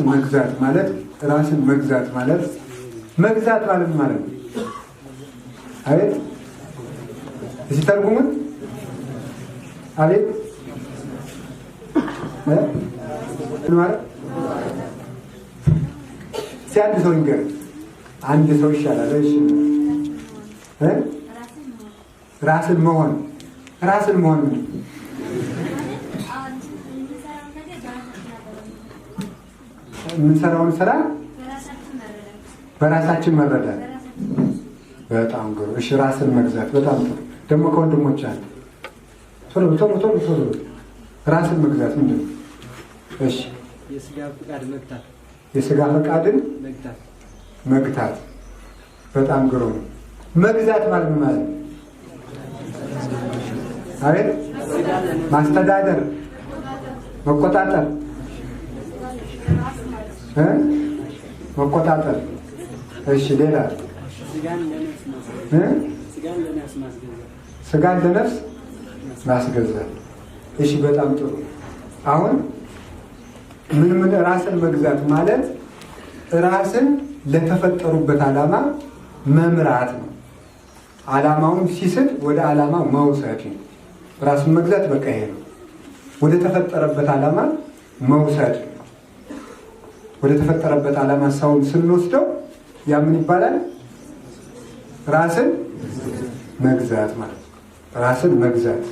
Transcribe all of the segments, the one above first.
ራስን መግዛት ማለት ራስን መግዛት ማለት መግዛት ማለት ማለት ነው። አቤት እዚህ ተርጉሙን። አቤት ማለት እስኪ ሰው ይንገር። አንድ ሰው ይሻላል። እሺ ራስን መሆን ራስን መሆን የምንሰራውን ስራ በራሳችን መረዳት በጣም ግሩ። እሺ ራስን መግዛት በጣም ጥሩ። ደግሞ ከወንድሞች አለ ቶሎ ቶሎ ቶሎ ቶሎ ራስን መግዛት ምንድን ነው? እሺ የስጋ ፈቃድን መግታት መግታት። በጣም ግሩ ነው። መግዛት ማለት ማለት አቤት ማስተዳደር፣ መቆጣጠር መቆጣጠር። እሺ፣ ሌላ ስጋን ለነፍስ ማስገዛት። እሺ፣ በጣም ጥሩ። አሁን ምን ምን ራስን መግዛት ማለት ራስን ለተፈጠሩበት ዓላማ መምራት ነው። ዓላማውን ሲስብ ወደ አላማው መውሰድ ነው። ራስን መግዛት በቃ ይሄ ነው። ወደ ተፈጠረበት ዓላማ መውሰድ ነው። ወደ ተፈጠረበት ዓላማ ሰውን ስንወስደው ያ ምን ይባላል? ራስን መግዛት ማለት ነው። ራስን መግዛት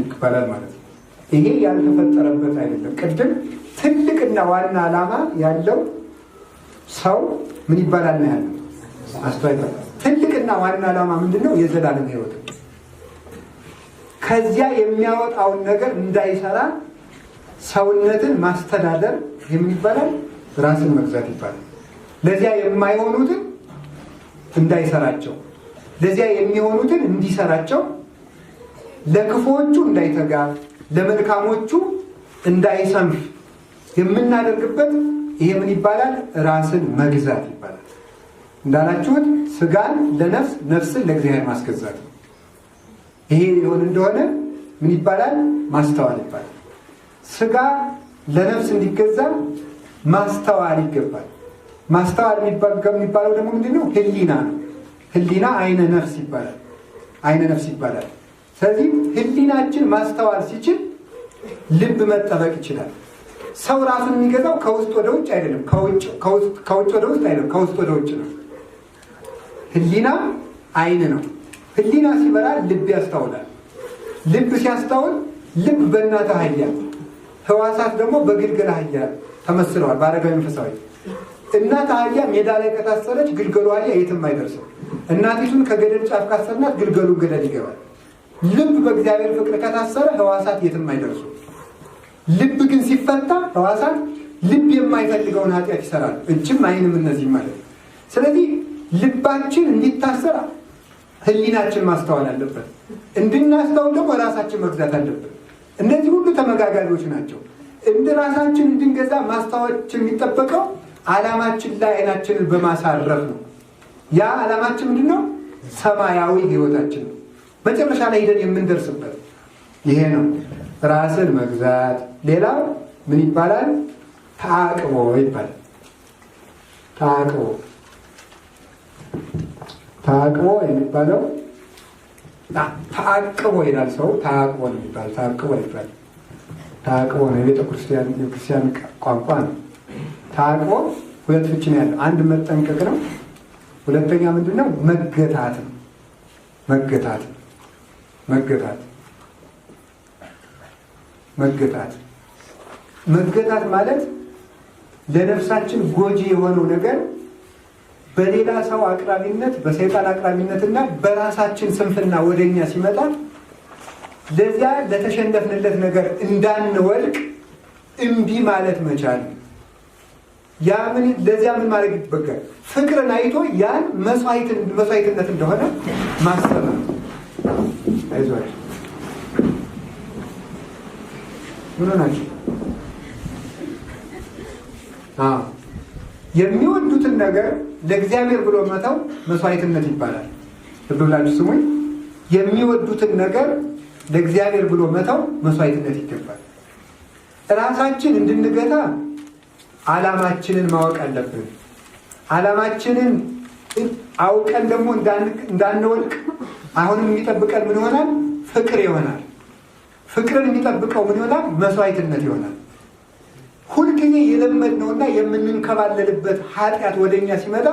ይባላል ማለት ነው። ይሄ ያልተፈጠረበት አይደለም። ቅድም ትልቅና ዋና ዓላማ ያለው ሰው ምን ይባላል ነው ያለው። አስተዋይ ትልቅና ዋና ዓላማ ምንድን ነው? የዘላለም ህይወት ከዚያ የሚያወጣውን ነገር እንዳይሰራ ሰውነትን ማስተዳደር የሚባላል ራስን መግዛት ይባላል። ለዚያ የማይሆኑትን እንዳይሰራቸው፣ ለዚያ የሚሆኑትን እንዲሰራቸው፣ ለክፉዎቹ እንዳይተጋ፣ ለመልካሞቹ እንዳይሰንፍ የምናደርግበት ይሄ ምን ይባላል? ራስን መግዛት ይባላል። እንዳላችሁት ስጋን ለነፍስ ነፍስን ለእግዚአብሔር ማስገዛት ነው። ይሄ ሊሆን እንደሆነ ምን ይባላል? ማስተዋል ይባላል። ስጋ ለነፍስ እንዲገዛ ማስተዋል ይገባል። ማስተዋል የሚባለው ደግሞ ምንድን ነው? ህሊና ነው። ህሊና አይነ ነፍስ ይባላል። አይነ ነፍስ ይባላል። ስለዚህ ህሊናችን ማስተዋል ሲችል ልብ መጠበቅ ይችላል። ሰው ራሱን የሚገዛው ከውስጥ ወደ ውጭ አይደለም፣ ከውጭ ወደ ውስጥ አይደለም፣ ከውስጥ ወደ ውጭ ነው። ህሊና አይን ነው። ህሊና ሲበራ ልብ ያስታውላል። ልብ ሲያስታውል ልብ በእናተ አህያ ህዋሳት ደግሞ በግልገል አህያ። ተመስለዋል በአረጋዊ መንፈሳዊ። እናት አህያ ሜዳ ላይ ከታሰረች ግልገሉ አህያ የትም አይደርሰው። እናቲቱን ከገደል ጫፍ ካሰርናት ግልገሉ ገደል ይገባል። ልብ በእግዚአብሔር ፍቅር ከታሰረ ህዋሳት የትም አይደርሱ። ልብ ግን ሲፈታ ህዋሳት ልብ የማይፈልገውን ኃጢአት ይሰራል፣ እጅም አይንም፣ እነዚህ ማለት ስለዚህ ልባችን እንዲታሰር ህሊናችን ማስተዋል አለበት። እንድናስተውል ደግሞ ራሳችን መግዛት አለበት። እነዚህ ሁሉ ተመጋጋቢዎች ናቸው። እንደ ራሳችን እንድንገዛ ማስታወች የሚጠበቀው አላማችን ላይ አይናችንን በማሳረፍ ነው። ያ አላማችን ምንድን ነው? ሰማያዊ ህይወታችን ነው። መጨረሻ ላይ ሂደን የምንደርስበት ይሄ ነው። ራስን መግዛት። ሌላ ምን ይባላል? ተአቅቦ ይባላል። ተአቅቦ ተአቅቦ የሚባለው ተአቅቦ ይላል ሰው። ተአቅቦ ነው የሚባል ተአቅቦ ይባላል። ታቅቦ ነው። የቤተ ክርስቲያን የክርስቲያን ቋንቋ ነው። ታቅቦ ሁለት ፍች ነው ያለው። አንድ መጠንቀቅ ነው። ሁለተኛ ምንድን ነው? መገታት ነው። መገታት መገታት መገታት መገታት ማለት ለነፍሳችን ጎጂ የሆነው ነገር በሌላ ሰው አቅራቢነት፣ በሰይጣን አቅራቢነትና በራሳችን ስንፍና ወደኛ ሲመጣ ለዚያ ለተሸነፍንለት ነገር እንዳንወልቅ እምቢ ማለት መቻል ያ ምን ለዚያ ምን ማድረግ ይበቃል? ፍቅርን አይቶ ያን መስዋዕትነት እንደሆነ ማሰብ ነው። ምን ናቸው የሚወዱትን ነገር ለእግዚአብሔር ብሎ መተው መስዋዕትነት ይባላል። ልብ ብላችሁ ስሙኝ። የሚወዱትን ነገር ለእግዚአብሔር ብሎ መተው መስዋዕትነት ይገባል። ራሳችን እንድንገታ ዓላማችንን ማወቅ አለብን። ዓላማችንን አውቀን ደግሞ እንዳንወልቅ አሁንም የሚጠብቀን ምን ይሆናል? ፍቅር ይሆናል። ፍቅርን የሚጠብቀው ምን ይሆናል? መስዋዕትነት ይሆናል። ሁልጊዜ የለመድነውና የምንንከባለልበት ኃጢአት ወደኛ ሲመጣ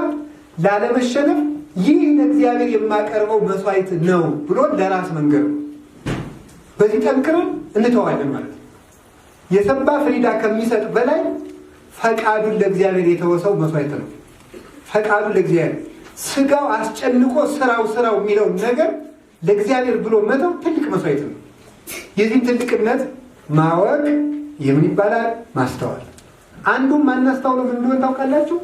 ላለመሸነፍ ይህ ለእግዚአብሔር የማቀርበው መስዋዕት ነው ብሎ ለራስ መንገር በዚህ ጠንክረን እንተዋለን ማለት ነው። የሰባ ፍሪዳ ከሚሰጥ በላይ ፈቃዱን ለእግዚአብሔር የተወሰው መስዋዕት ነው። ፈቃዱን ለእግዚአብሔር ስጋው አስጨንቆ ስራው ስራው የሚለውን ነገር ለእግዚአብሔር ብሎ መተው ትልቅ መስዋዕት ነው። የዚህም ትልቅነት ማወቅ የምን ይባላል? ማስተዋል። አንዱም ማናስተዋለው ምን እንደሆነ ታውቃላችሁ?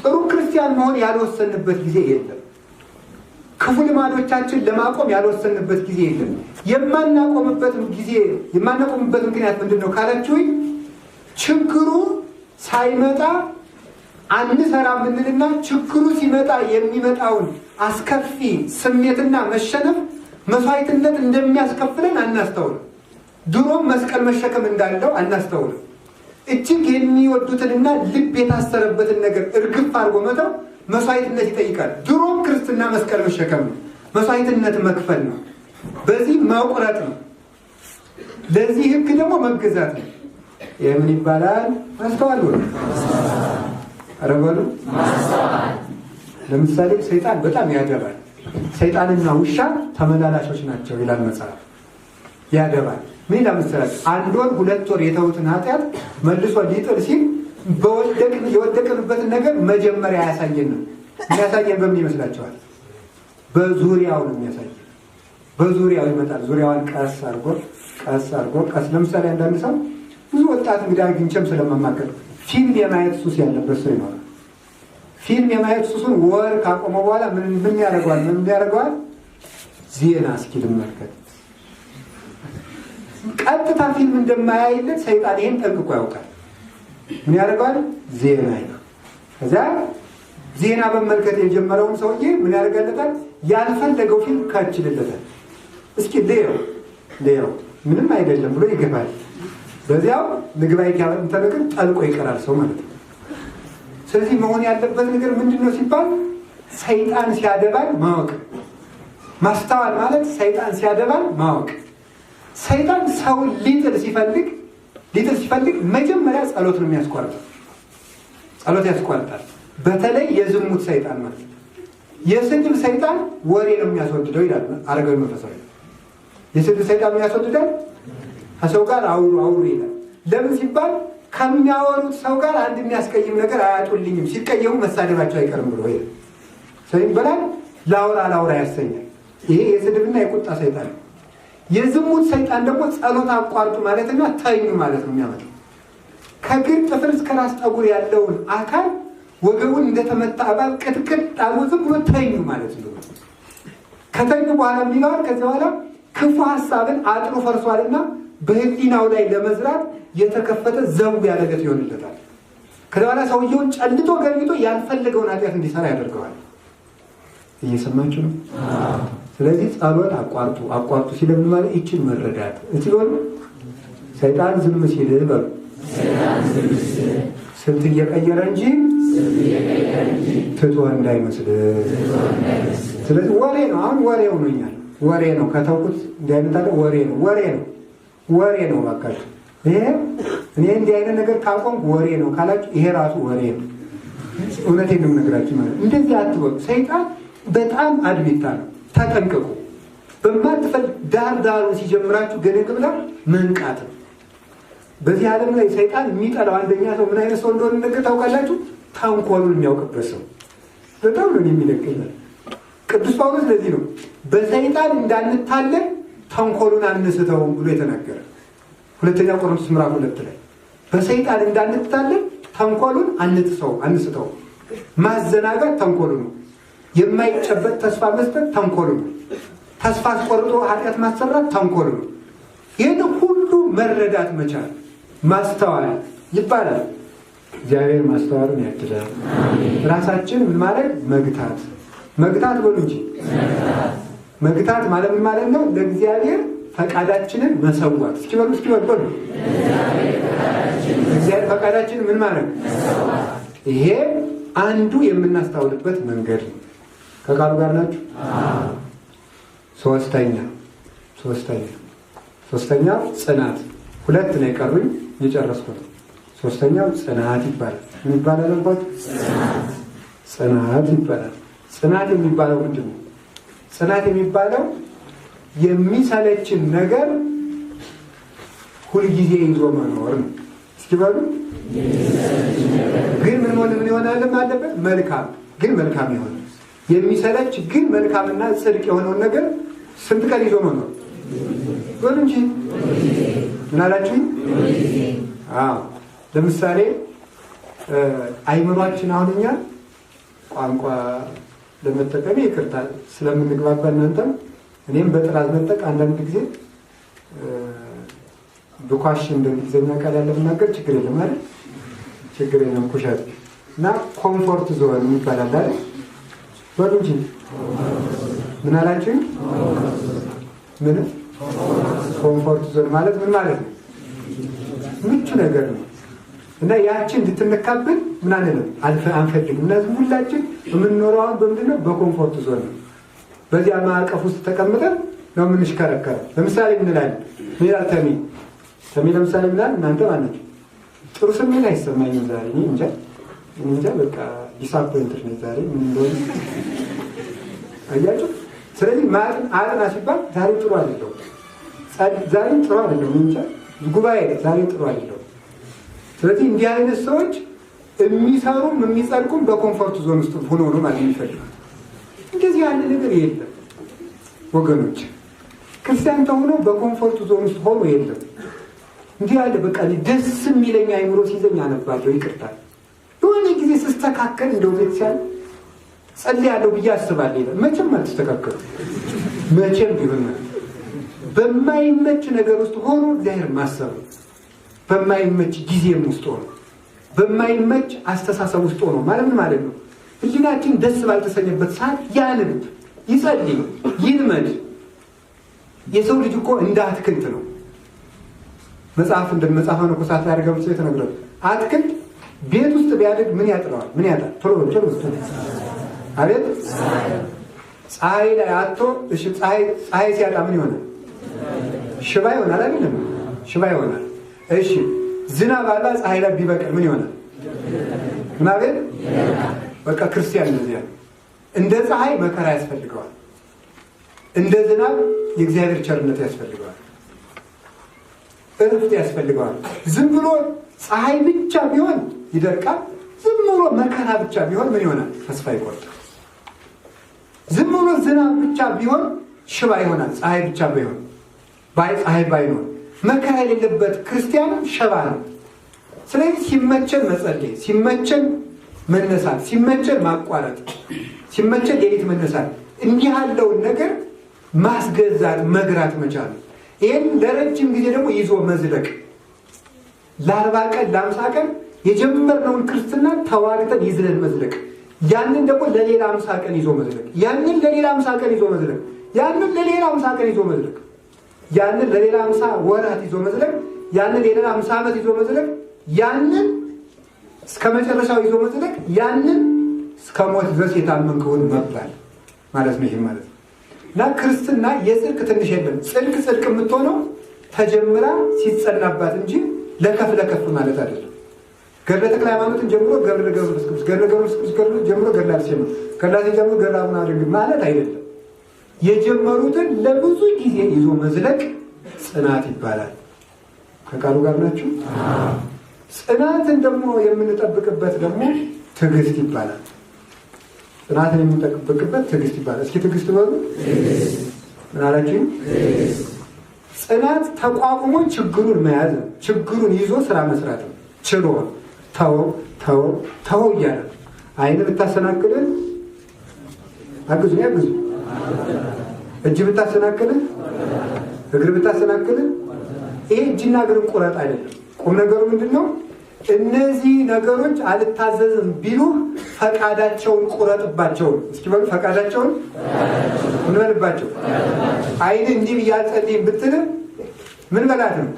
ጥሩ ክርስቲያን መሆን ያልወሰንበት ጊዜ የለም። ክፉ ልማዶቻችን ለማቆም ያልወሰንበት ጊዜ የለም። የማናቆምበት ጊዜ የማናቆምበት ምክንያት ምንድን ነው ካላችሁኝ፣ ችግሩ ሳይመጣ አንሰራ ምንልና ችግሩ ሲመጣ የሚመጣውን አስከፊ ስሜትና መሸነፍ መስዋዕትነት እንደሚያስከፍለን አናስተውል። ድሮም መስቀል መሸከም እንዳለው አናስተውል። እጅግ የሚወዱትንና ልብ የታሰረበትን ነገር እርግፍ አድርጎ መተው መስዋዕትነት ይጠይቃል። ድሮም ክርስትና መስቀል መሸከም ነው፣ መስዋዕትነት መክፈል ነው። በዚህ መቁረጥ ነው። ለዚህ ህግ ደግሞ መገዛት ነው። ይህ ምን ይባላል? ማስተዋል ወይ ኧረ ማስተዋል። ለምሳሌ ሰይጣን በጣም ያደባል። ሰይጣንና ውሻ ተመላላሾች ናቸው ይላል መጽሐፍ። ያደባል ምን ለምሳሌ አንድ ወር ሁለት ወር የተውትን ኃጢአት መልሶ ሊጥል ሲል የወደቅንበትን ነገር መጀመሪያ ያሳየን ነው። የሚያሳየን በምን ይመስላችኋል? በዙሪያው ነው የሚያሳየን በዙሪያው ይመጣል። ዙሪያዋን ቀስ አርጎ ቀስ አርጎ ቀስ ለምሳሌ አንዳንድ ሰው ብዙ ወጣት እንግዲህ አግኝቼም ስለመማከል ፊልም የማየት ሱስ ያለበት ሰው ይኖራል። ፊልም የማየት ሱሱን ወር ካቆመ በኋላ ምን ምን ያደርገዋል? ምን ያደርገዋል? ዜና እስኪ ልመልከት። ቀጥታ ፊልም እንደማያይለት ሰይጣን ይሄን ጠንቅቆ ያውቃል። ምን ያደርገዋል? ዜና ይ ከዚያ ዜና በመልከት የጀመረውን ሰውዬ ምን ያደርጋለታል? ያልፈለገው ፊልም ከችልለታል። እስኪ ልየው ልየው ምንም አይደለም ብሎ ይገባል። በዚያው ምግባይ ያለምተ ግን ጠልቆ ይቀራል ሰው ማለት ነው። ስለዚህ መሆን ያለበት ነገር ምንድን ነው ሲባል ሰይጣን ሲያደባል ማወቅ ማስተዋል ማለት ሰይጣን ሲያደባል ማወቅ። ሰይጣን ሰውን ሊጥል ሲፈልግ ሊጥል ሲፈልግ መጀመሪያ ጸሎት ነው የሚያስቋርጠው። ጸሎት ያስቋርጣል። በተለይ የዝሙት ሰይጣን ማለት ነው። የስድብ ሰይጣን ወሬ ነው የሚያስወድደው ይላል አረጋዊ መንፈሳዊ የስድ ሰይጣን ያስወድዳል። ከሰው ጋር አውሩ አውሩ ይላል። ለምን ሲባል ከሚያወሩት ሰው ጋር አንድ የሚያስቀይም ነገር አያጡልኝም፣ ሲቀየሙ መሳደባቸው አይቀርም ብሎ ይላል። ሰው ይበላል ላውራ ላውራ ያሰኛል። ይሄ የስድብና የቁጣ ሰይጣን ነው። የዝሙት ሰይጣን ደግሞ ጸሎት አቋርጡ ማለትና ተኙ ማለት ነው የሚያመጣው ከግር ጥፍር እስከ ራስ ጠጉር ያለውን አካል ወገቡን እንደተመታ አባል ቅጥቅጥ አሉ ብሎ ተኙ ማለት ነው። ከተኙ በኋላ የሚለዋል ከዚህ በኋላ ክፉ ሀሳብን አጥሩ ፈርሷልና በህሊናው ላይ ለመዝራት የተከፈተ ዘቡ ያደገት ይሆንለታል። ከደኋላ ሰውየውን ጨልቶ ገልብጦ ያልፈለገውን ኃጢአት እንዲሰራ ያደርገዋል። እየሰማችሁ ነው። ስለዚህ ጸሎት አቋርጡ አቋርጡ ሲለምን ማለት ይችን መረዳት እችሎን ሰይጣን ዝም ሲል በሉ ስንት እየቀየረ እንጂ ትቶ እንዳይመስል። ስለዚህ ወሬ ነው አሁን ወሬ ሆኖኛል። ወሬ ነው። ከተውኩት እንዳይመጣለው ወሬ ነው፣ ወሬ ነው፣ ወሬ ነው። እባካችሁ ይሄ እኔ እንዲህ አይነት ነገር ካልቆም ወሬ ነው ካላችሁ ይሄ ራሱ ወሬ ነው። እውነቴን ነው የምነግራችሁ። ማለት እንደዚህ አትወቅ። ሰይጣን በጣም አድሚታ ነው። ተጠንቀቁ። በማትፈል ዳር ዳሩ ሲጀምራችሁ ገደቅ ብላ መንቃት ነው። በዚህ ዓለም ላይ ሰይጣን የሚጠላው አንደኛ ሰው ምን አይነት ሰው እንደሆነ ነገር ታውቃላችሁ? ታንኮሉን የሚያውቅበት ሰው በጣም ነው የሚለቀኛል ቅዱስ ጳውሎስ ለዚህ ነው በሰይጣን እንዳንታለን ተንኮሉን አንስተው ብሎ የተናገረ ሁለተኛ ቆሮንቶስ ምዕራፍ ሁለት ላይ በሰይጣን እንዳንታለን ተንኮሉን አንስተው አንስተው ማዘናጋት ተንኮሉ ነው። የማይጨበጥ ተስፋ መስጠት ተንኮሉ ነው። ተስፋ አስቆርጦ ኃጢአት ማሰራት ተንኮሉ ነው። ይህን ሁሉ መረዳት መቻል ማስተዋል ይባላል። እግዚአብሔር ማስተዋልን ያድላል። ራሳችን ምን ማለት መግታት መግታት በሉ እንጂ መግታት ማለት ምን ማለት ነው? ለእግዚአብሔር ፈቃዳችንን መሰዋት። እስኪ በሉ እስኪ በሉ በሉ እግዚአብሔር ፈቃዳችንን ምን ማለት ነው? ይሄ አንዱ የምናስታውልበት መንገድ ነው። ከቃሉ ጋር ናችሁ። ሶስተኛ ሶስተኛ ሶስተኛ ጽናት ሁለት ነው የቀሩኝ የጨረስኩ ሶስተኛው ጽናት ይባላል። ምን ይባላል? ጽናት ይባላል። ጽናት የሚባለው ምንድን ነው? ጽናት የሚባለው የሚሰለችን ነገር ሁልጊዜ ይዞ መኖር ነው። እስኪ በሉ ግን ምን ሆን ምን ይሆናልም አለበት መልካም ግን መልካም የሆነ የሚሰለች ግን መልካምና ጽድቅ የሆነውን ነገር ስንት ቀን ይዞ መኖር በሉ እንጂ ምን ለምሳሌ አይምሯችን አሁን እኛ ቋንቋ ለመጠቀም ይቅርታ ስለምንግባባ እናንተም እኔም በጥራት መጠቅ አንዳንድ ጊዜ ብኳሽ እንደሚዘኛ ቃል ያለ ችግር የለም አይደል? ችግር የለም ኩሸት እና ኮምፎርት ዞን የሚባላል አይደል? በሉ እንጂ ምን አላችሁ? ምንም ኮምፎርት ዞን ማለት ምን ማለት ነው? ምቹ ነገር ነው። እና ያቺ እንድትነካብን ምናምን ነው አንፈልግም። እና ሁላችን የምንኖረው አሁን በምንድን ነው? በኮምፎርት ዞን ነው። በዚያ ማዕቀፍ ውስጥ ተቀምጠን ነው የምንሽከረከረው። ለምሳሌ ምንላል ሌላል ተሚ ተሚ ለምሳሌ ምንላል እናንተ ማለት ጥሩ ስሜን አይሰማኝም ዛሬ እንጃ እንጃ በቃ ዲስአፖይንትድ ነው ዛሬ ምን እንደሆነ አያችሁ። ስለዚህ ማለት አጥና ሲባል ዛሬ ጥሩ አይደለም፣ ዛሬ ጥሩ አይደለም፣ እንጃ ጉባኤ ዛሬ ጥሩ አይደለም ስለዚህ እንዲህ አይነት ሰዎች የሚሰሩም የሚጸድቁም በኮንፈርት ዞን ውስጥ ሆኖ ነው ማለት የሚፈልጋል። እንደዚህ ያለ ነገር የለም ወገኖች። ክርስቲያን ተሆኖ በኮንፈርት ዞን ውስጥ ሆኖ የለም። እንዲህ ያለ በቃ ደስ የሚለኝ አይምሮ ሲዘኝ አነባለሁ። ይቅርታል የሆነ ጊዜ ስስተካከል እንደው ቤተክርስቲያን ጸልያለሁ ብዬ አስባለሁ ይላል። መቼም አልተስተካከሉ መቼም ቢሆን በማይመች ነገር ውስጥ ሆኖ እግዚአብሔር ማሰብ ነው። በማይመች ጊዜም ውስጥ ሆኖ በማይመች አስተሳሰብ ውስጥ ሆኖ ማለት ምን ማለት ነው? ህሊናችን ደስ ባልተሰኘበት ሰዓት ያንብ፣ ይጸልይ፣ ይልመድ። የሰው ልጅ እኮ እንደ አትክልት ነው። መጽሐፍ እንደ መጽሐፈ መነኮሳት ላይ አድርገው ብቻ የተነገረው አትክልት ቤት ውስጥ ቢያደግ ምን ያጥረዋል? ምን ያጣል? ቶሎ ቶሎ አቤት ፀሐይ ላይ አቶ ፀሐይ ሲያጣ ምን ይሆናል? ሽባ ይሆናል። አይደለም ሽባ ይሆናል። እሺ ዝናብ አላ ፀሐይ ላይ ቢበቅል ምን ይሆናል? ምናቤል በቃ ክርስቲያን እንደዚያ እንደ ፀሐይ መከራ ያስፈልገዋል፣ እንደ ዝናብ የእግዚአብሔር ቸርነት ያስፈልገዋል፣ እርፍት ያስፈልገዋል። ዝም ብሎ ፀሐይ ብቻ ቢሆን ይደርቃል። ዝም ብሎ መከራ ብቻ ቢሆን ምን ይሆናል? ተስፋ ይቆርጥ ዝም ብሎ ዝናብ ብቻ ቢሆን ሽባ ይሆናል። ፀሐይ ብቻ ባይሆን ፀሐይ ባይኖር መከራ የሌለበት ክርስቲያን ሸባ ነው። ስለዚህ ሲመቸን መጸለይ፣ ሲመቸን መነሳት፣ ሲመቸን ማቋረጥ፣ ሲመቸን ሌሊት መነሳት፣ እንዲህ ያለውን ነገር ማስገዛት መግራት መቻል፣ ይህን ለረጅም ጊዜ ደግሞ ይዞ መዝለቅ ለአርባ ቀን ለአምሳ ቀን የጀመርነውን ክርስትና ተዋርተን ይዝለን መዝለቅ፣ ያንን ደግሞ ለሌላ አምሳ ቀን ይዞ መዝለቅ፣ ያንን ለሌላ አምሳ ቀን ይዞ መዝለቅ፣ ያንን ለሌላ አምሳ ቀን ይዞ መዝለቅ ያንን ለሌላ አምሳ ወራት ይዞ መዝለቅ፣ ያንን የሌላ አምሳ ዓመት ይዞ መዝለቅ፣ ያንን እስከ መጨረሻው ይዞ መዝለቅ፣ ያንን እስከ ሞት ድረስ የታመንከውን መባል ማለት ነው። ይህ ማለት ነው እና ክርስትና የጽድቅ ትንሽ የለም። ጽድቅ ጽድቅ የምትሆነው ተጀምራ ሲጸናባት እንጂ ለከፍ ለከፍ ማለት አይደለም። ገድለ ተክለ ሃይማኖትን ጀምሮ ገብረ ገብረ ስቅዱስ ገድለ ገብረ ስቅዱስ ጀምሮ ገድለ አርሴማ ገድለ ጀምሮ ገድለ አቡነ አረጋዊ ማለት አይደለም። የጀመሩትን ለብዙ ጊዜ ይዞ መዝለቅ ጽናት ይባላል። ከቃሉ ጋር ናችሁ። ጽናትን ደግሞ የምንጠብቅበት ደግሞ ትዕግስት ይባላል። ጽናትን የምንጠብቅበት ትዕግስት ይባላል። እስኪ ትዕግስት በሉ። ምን አላችሁ? ጽናት ተቋቁሞ ችግሩን መያዝ ነው። ችግሩን ይዞ ስራ መስራት ነው። ችሎ ተው ተው ተው እያለ አይን ብታሰናክልን አግዙ ያግዙ እጅ ብታሰናክልህ እግር ብታሰናክልህ፣ ይሄ እጅና እግር ቁረጥ አይደለም። ቁም ነገሩ ምንድን ነው? እነዚህ ነገሮች አልታዘዝም ቢሉ ፈቃዳቸውን ቁረጥባቸው። እስኪ በሉ ፈቃዳቸውን ምን በልባቸው። አይን እንዲህ ብዬ አልጸልይም ብትል ምን በላት ነው?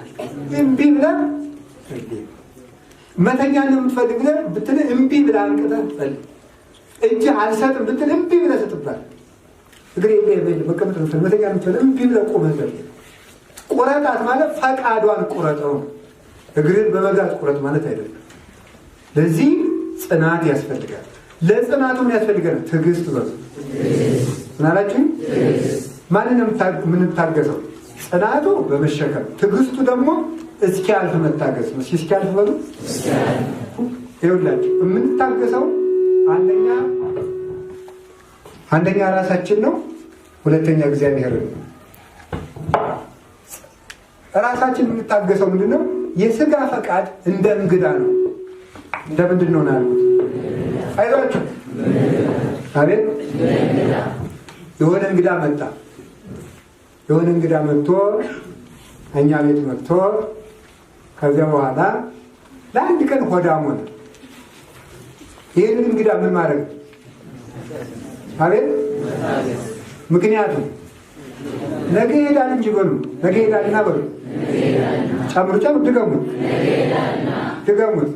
እምቢ ብላ መተኛ እንደምትፈልግ ብትል እምቢ ብላ አንቅተህ ጸልይ። እጅ አልሰጥም ብትል እምቢ ብለህ ስጥባት እግሬ እንዳይበል መቀመጥ ነው መተኛ ምችለ እምቢ ብለህ ቁመህ ቁረጣት ማለት ፈቃዷን ቁረጠው እግርን በመጋት ቁረጥ ማለት አይደለም። ለዚህ ጽናት ያስፈልጋል። ለጽናቱ ምን ትዕግስት በ ምን ማንን የምንታገሰው? ጽናቱ በመሸከም ትዕግስቱ ደግሞ እስኪያልፍ መታገስ ነው። እስኪያልፍ በሉ ይኸውላችሁ የምንታገሰው አንደኛ አንደኛ ራሳችን ነው፣ ሁለተኛ እግዚአብሔር ነው። ራሳችን የምንታገሰው ምንድን ነው? የስጋ ፈቃድ እንደ እንግዳ ነው። እንደ ምንድን ነው ናሉ አይዟችሁ አቤት። የሆነ እንግዳ መጣ። የሆነ እንግዳ መጥቶ እኛ ቤት መጥቶ ከዚያ በኋላ ለአንድ ቀን ሆዳም ሆነ። ይህንን እንግዳ ምን ማድረግ አቤት ምክንያቱም ነገ ሄዳል እንጂ በሉ ነገ ሄዳልና በሉ ጨምሩ ጨምሩ ድገሙት ድገሙት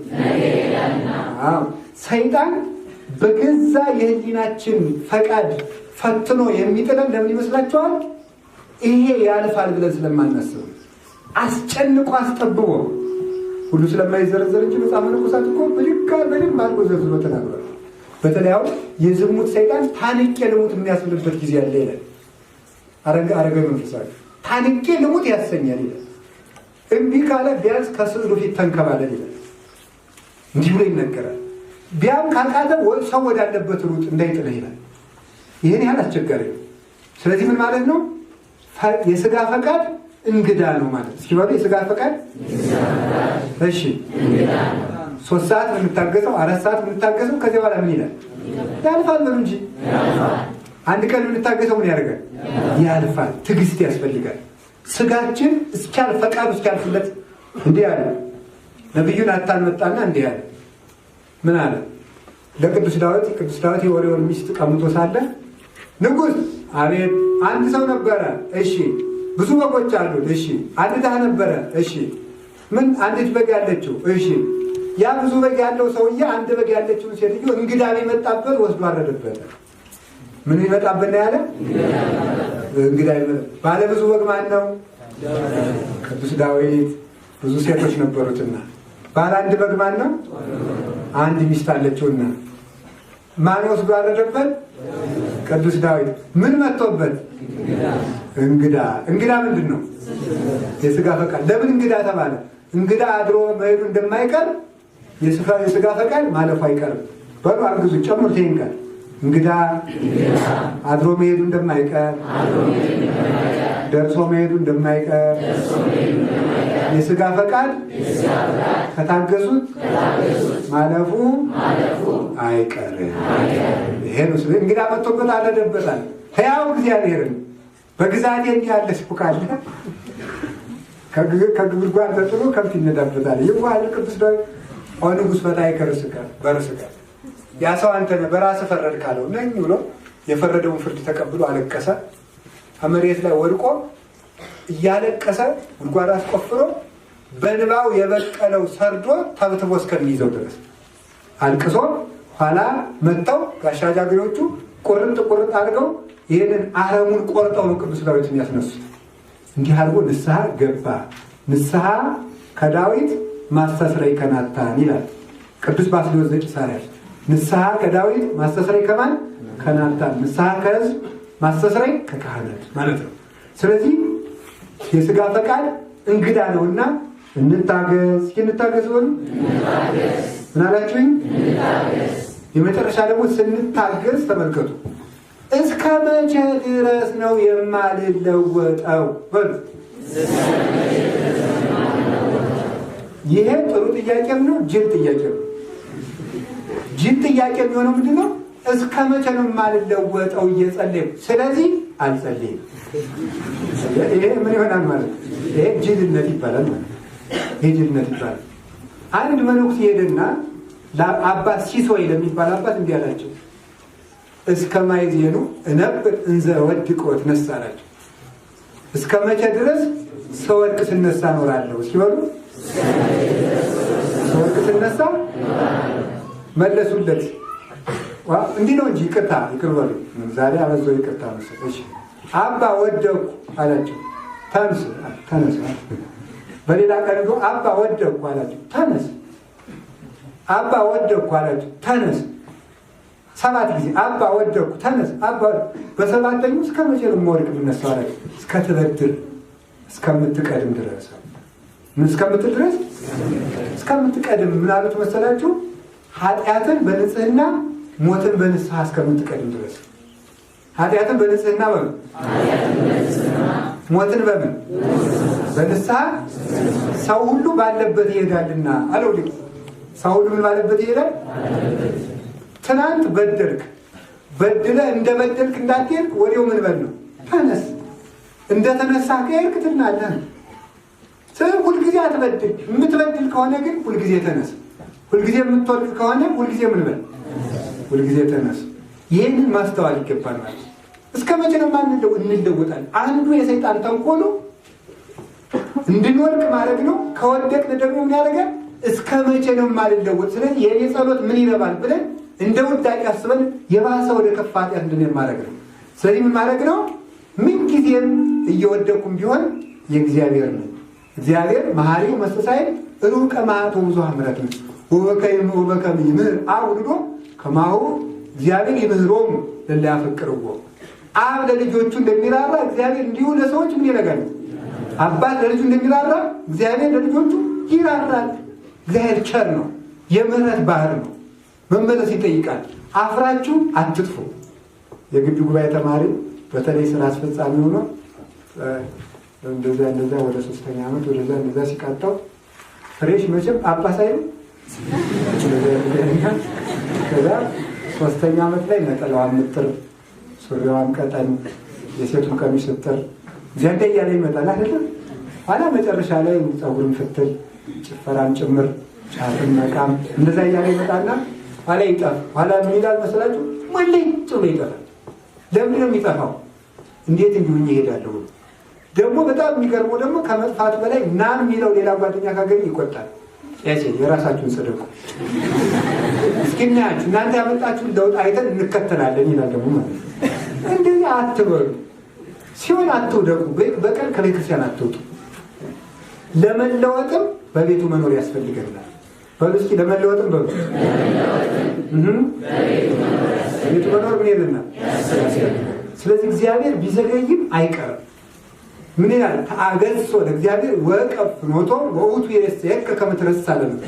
ሰይጣን በገዛ የህሊናችን ፈቃድ ፈትኖ የሚጥለን ለምን ይመስላችኋል ይሄ ያልፋል ብለን ስለማናስብ አስጨንቆ አስጠብቦ ሁሉ ስለማይዘረዘር እንጂ መጽሐፍ መነኮሳት እኮ ብድግ ብድግ አድርጎ ዘርዝሮ ተናግሯል በተለይ አሁን የዝሙት ሰይጣን ታንቄ ልሙት የሚያስብልበት ጊዜ አለ ይላል አረገ መንፈሳዊ። ታንቄ ልሙት ያሰኛል ይላል። እምቢ ካለ ቢያንስ ከስዕሉ ፊት ተንከባለል ይላል። እንዲህ ብሎ ይነገራል። ቢያም ካልካለ ሰው ወዳለበት ሩጥ እንዳይጥልህ ይላል። ይህን ያህል አስቸጋሪ ነው። ስለዚህ ምን ማለት ነው? የስጋ ፈቃድ እንግዳ ነው ማለት እስኪ በሉ የስጋ ፈቃድ እሺ ሶስት ሰዓት የምንታገሰው አራት ሰዓት የምታገሰው ከዚህ በኋላ ምን ይላል? ያልፋል። በሉ እንጂ አንድ ቀን የምንታገሰው ምን ያደርጋል? ያልፋል። ትዕግስት ያስፈልጋል። ስጋችን እስኪያል ፈቃዱ እስኪያልፍለት እንዲህ አለ። ነቢዩን ናታን መጣና እንዲህ አለ። ምን አለ ለቅዱስ ዳዊት? ቅዱስ ዳዊት የወሬውን ሚስት ቀምቶ ሳለ ንጉሥ፣ አቤት አንድ ሰው ነበረ፣ እሺ ብዙ በጎች አሉት፣ እሺ አንድ ድሃ ነበረ፣ እሺ ምን አንዲት በግ ያለችው፣ እሺ ያ ብዙ በግ ያለው ሰውዬ አንድ በግ ያለችውን ሴትዮ እንግዳ ቢመጣበት ወስዶ አረደበት። ምን ይመጣበት ነው ያለ? እንግዳ ባለ ብዙ በግ ማን ነው? ቅዱስ ዳዊት። ብዙ ሴቶች ነበሩትና ባለ አንድ በግ ማን ነው? አንድ ሚስት አለችውና ማን ወስዶ አረደበት? ቅዱስ ዳዊት። ምን መጥቶበት? እንግዳ። እንግዳ ምንድን ነው? የስጋ ፈቃድ። ለምን እንግዳ ተባለ? እንግዳ አድሮ መሄዱ እንደማይቀር የስጋ ፈቃድ ማለፉ አይቀርም። በሉ አርግዙ፣ ጨምርት ይህን ቴንቀር እንግዳ አድሮ መሄዱ እንደማይቀር ደርሶ መሄዱ እንደማይቀር የስጋ ፈቃድ ከታገሱት ማለፉ አይቀርም። ይሄ ነው እንግዳ መጥቶበት አለደበታል። ሕያው እግዚአብሔርን በግዛት ያለ ሰው ከግብር ጓር ተጥሎ ከብት ይነዳበታል። ይህ ቅዱስ ወንጉስ በላይ ከርስከ በርስከ ያ ሰው አንተ ነህ በራስህ ፈረድ ካለው ነኝ ብሎ የፈረደውን ፍርድ ተቀብሎ አለቀሰ። ከመሬት ላይ ወድቆ እያለቀሰ ጉድጓድ አስቆፍሮ በንባው የበቀለው ሰርዶ ተብትቦ እስከሚይዘው ድረስ አልቅሶ ኋላ መጥተው ጋሻ ጃግሬዎቹ ቁርጥ ቁርጥ አድርገው ይህንን አረሙን ቆርጠው ነው ቅዱስ ዳዊት ያስነሱት። እንዲህ አድርጎ ንስሐ ገባ። ንስሐ ከዳዊት ማስተስረይ ከናታን ይላል ቅዱስ ባስልዮስ ዘቂሳርያ። ንስሐ ከዳዊት ማስተስረይ ከማን ከናታን፣ ንስሐ ከህዝብ ማስተስረይ ከካህነት ማለት ነው። ስለዚህ የስጋ ፈቃድ እንግዳ ነውና እንታገስ። እስኪ እንታገስ ሆኑ ምናላችሁኝ የመጨረሻ ደግሞ ስንታገስ ተመልከቱ። እስከ መቼ ድረስ ነው የማልለወጠው? በሉ ይሄ ጥሩ ጥያቄም ነው፣ ጅል ጥያቄ ነው። ጅል ጥያቄ የሚሆነው ምንድን ነው? እስከ መቼ ነው የማልለወጠው እየጸለይኩ፣ ስለዚህ አልጸልይም። ይሄ ምን ይሆናል ማለት ነው? ይሄ ጅልነት ይባላል ማለት ነው። ይሄ ጅልነት ይባላል። አንድ መነኩሴ ሄደና አባት ሲሶይ ለሚባል አባት እንዲህ አላቸው፣ እስከ ማይዜኑ እነብር እንዘ ወድቅ ወትነሳ አላቸው። እስከ መቼ ድረስ ስወድቅ ስነሳ እኖራለሁ ሲበሉ በወርቅ ስነሳ መለሱለት። እንዲህ ነው እንጂ ይቅርታ ይቅርበሉ። ዛሬ አበዞ ይቅርታ መሰለሽ። አባ ወደኩ አላቸው። ተንስ ተነስ። በሌላ ቀን ዶ አባ ወደኩ አላቸው። ተነስ። አባ ወደኩ አላቸው። ተነስ። ሰባት ጊዜ አባ ወደኩ ተነስ። አባ በሰባተኛው እስከ መቼ ነው የምወድቅ የምነሳው አላቸው። እስከ ትበድር እስከምትቀድም ድረስ ምን እስከምትል ድረስ እስከምትቀድም ምናሉት መሰላችሁ? ኃጢአትን በንጽህና ሞትን በንስሐ እስከምትቀድም ድረስ ኃጢአትን በንጽህና በምን ሞትን በምን በንስሐ ሰው ሁሉ ባለበት ይሄዳልና አለው። ልክ ሰው ሁሉ ምን ባለበት ይሄዳል። ትናንት በደልክ በድለ እንደ በደልክ እንዳትሄድክ ወዲው ምን በል ነው ተነስ። እንደ ተነሳ ከሄድክ ትናለህ ስለ ሁልጊዜ አትበድል። የምትበድል ከሆነ ግን ሁልጊዜ ተነስ። ሁልጊዜ የምትወድቅ ከሆነ ሁልጊዜ ምን በል፣ ሁልጊዜ ተነስ። ይህንን ማስተዋል ይገባናል። እስከ መቼ ነው ማንለው? እንለወጣል። አንዱ የሰይጣን ተንኮሉ እንድንወድቅ ማድረግ ነው። ከወደቅን ደግሞ ምን ያደርጋል? እስከ መቼ ነው የማልለወጥ? ስለዚህ ጸሎት ምን ይረባል ብለን እንደ ውዳቂ አስበን የባሰ ወደ ከፋ ኃጢአት እንድንሄድ ማድረግ ነው። ስለዚህ ምን ማድረግ ነው? ቢሆን የእግዚአብሔር ነው እግዚአብሔር መሐሪ መስተሳይል ሩቀ ማቱ ብዙ ምረት ነው ወበከይም ወበከም ይምህር አውልዶ ከማሁ እግዚአብሔር ይምህሮም ለላ አብ ለልጆቹ እንደሚራራ እግዚአብሔር እንዲሁ ለሰዎች ምን ይረጋል? አባት ለልጁ እንደሚራራ እግዚአብሔር ለልጆቹ ይራራል። እግዚአብሔር ቸር ነው። የምህረት ባህር ነው። መመለስ ይጠይቃል። አፍራችሁ አትጥፉ። የግቢ ጉባኤ ተማሪ በተለይ ስራ አስፈጻሚ ሆኖ እንደዛ እንደዛ ወደ ሶስተኛ ዓመት ወደዛ እንደዛ ሲቃጣው ፍሬሽ መቼም አባሳይ ከዛ ሶስተኛ ዓመት ላይ ነጠላዋን ምጥር፣ ሱሪዋን ቀጠን፣ የሴቱን ቀሚስ ስጥር ዘንደ እያለ ይመጣል አይደለም ኋላ መጨረሻ ላይ ፀጉርን ፍትል ጭፈራም ጭምር ጫፍን መቃም እንደዛ እያለ ይመጣና ኋላ ይጠፍ ኋላ ምን ይላል መሰላችሁ? ወለኝ ጥሎ ይጠፋል። ለምንድን ነው የሚጠፋው? እንዴት እንዲሁኝ ይሄዳለሁ ደግሞ በጣም የሚገርመው ደግሞ ከመጥፋት በላይ ና የሚለው ሌላ ጓደኛ ካገኝ ይቆጣል። ያሴ የራሳችሁን ጽደቁ እስኪናያችሁ እናንተ ያመጣችሁን ለውጥ አይተን እንከተላለን ይላል። ደግሞ ማለት እንደዚህ አትበሉ ሲሆን አትውደቁ። በቀን ከቤተክርስቲያን አትውጡ። ለመለወጥም በቤቱ መኖር ያስፈልገናል። በሉ እስኪ ለመለወጥም በሉ ቤቱ መኖር ምን ይልና። ስለዚህ እግዚአብሔር ቢዘገይም አይቀርም ምን ይላል? ተአገጾ ለእግዚአብሔር ወቀብ ፍኖቶ ወውቱ የስተየቅ ከምትረሳ ለምት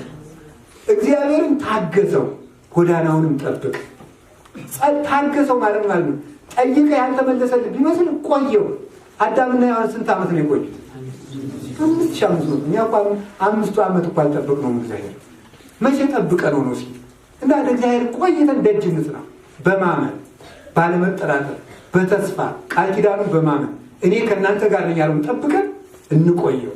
እግዚአብሔርን ታገዘው ጎዳናውንም ጠብቅ። ታገዘው ማለት ማለት ነው። ጠይቀ ያልተመለሰል ቢመስል ቆየው። አዳምና ሔዋን ስንት ዓመት ነው የቆዩት? አምስት ሺህ አምስት ነው። እኛ እኳ አምስቱ ዓመት እኳ አልጠብቅ ነው እግዚአብሔር መቼ ጠብቀ ነው ነው ሲል እና ወደ እግዚአብሔር ቆይተን ደጅነት ነው በማመን ባለመጠራጠር፣ በተስፋ ቃል ኪዳኑን በማመን እኔ ከእናንተ ጋር ነኝ ያለውን ጠብቀን እንቆየው።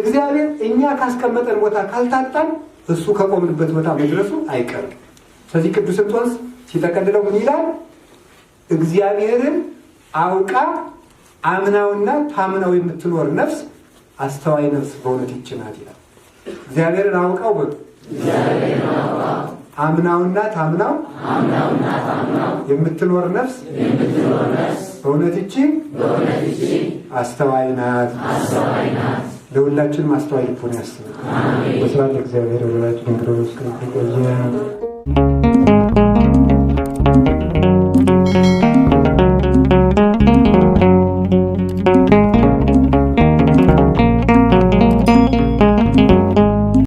እግዚአብሔር እኛ ካስቀመጠን ቦታ ካልታጣን እሱ ከቆምንበት ቦታ መድረሱ አይቀርም። ስለዚህ ቅዱስ እንጦንስ ሲጠቀልለው ምን ይላል? እግዚአብሔርን አውቃ አምናውና ታምናው የምትኖር ነፍስ አስተዋይ ነፍስ በእውነት ይችናት ይላል። እግዚአብሔርን አውቃው በሉ አምናውና ታምናው የምትኖር ነፍስ በእውነት እቺ አስተዋይ ናት። ለሁላችን ማስተዋይ ልቦና ያስብ። ስራት እግዚአብሔር ወላጅ ድንግሮ ስቅቆየ